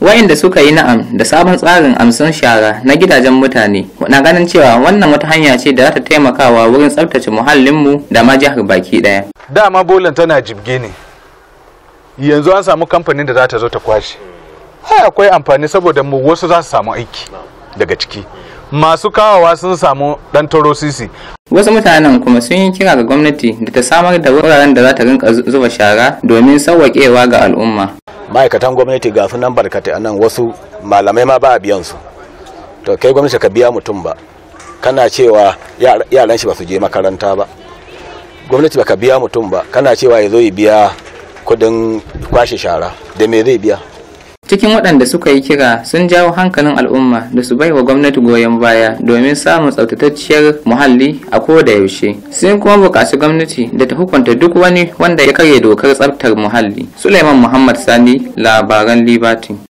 da suka yi na'am da sabon tsarin amsan shara na gidajen mutane na ganin cewa wannan wata hanya ce da za ta taimakawa wurin tsabtace muhallinmu da ma jihar baki daya dama bolan tana jibge ne yanzu an samu kamfanin da za ta zo ta kwashe akwai amfani saboda mu wasu za su samu aiki daga ciki masu kawawa sun samu dan toro sisi wasu mutanen kuma sun yi kira ga gwamnati da ta samar da wuraren da za ta rinka zuba shara domin sauwaƙewa ga al'umma ma'aikatan gwamnati ga sunan barkatai a nan wasu malamai ma ba a biyan su to kai gwamnati ka biya mutum ba kana cewa yaran shi ba su je makaranta ba gwamnati ba ka biya mutum ba kana cewa ya zo ya biya kudin kwashe shara da me zai biya cikin waɗanda suka yi kira sun jawo hankalin al'umma da su baiwa gwamnati goyon baya domin samun tsaftatacciyar muhalli a koda yaushe sun kuma buƙaci gwamnati da ta hukunta duk wani wanda ya karya dokar tsaftar muhalli suleiman muhammad sani labaran liberty